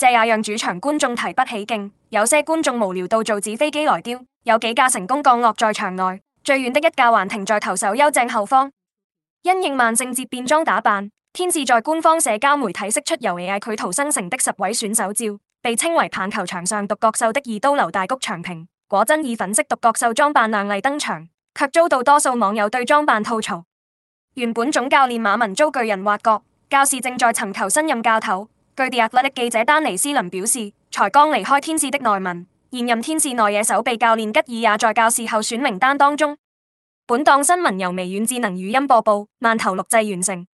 這也讓主場觀眾提不起勁，有些觀眾無聊到做紙飛機來丟，有幾架成功降落在場內，最遠的一架還停在投手休正後方。因應萬聖節變裝打扮，天使在官方社交媒體釋出由 AI 繪圖生成的十位選手照，被稱為棒球場上獨角獸的二刀流大谷翔平，果真以粉色獨角獸裝扮亮麗登場，卻遭到多數網友對裝扮吐槽。原本總教練馬文遭巨人挖角，教士正在尋求新任教頭。據 The Athletic 的記者丹尼斯林表示，才剛離開天使的內文，現任天使內野守備教練吉爾也在教士候選名單當中。本檔新聞由微軟智能語音播報，饅頭錄製完成。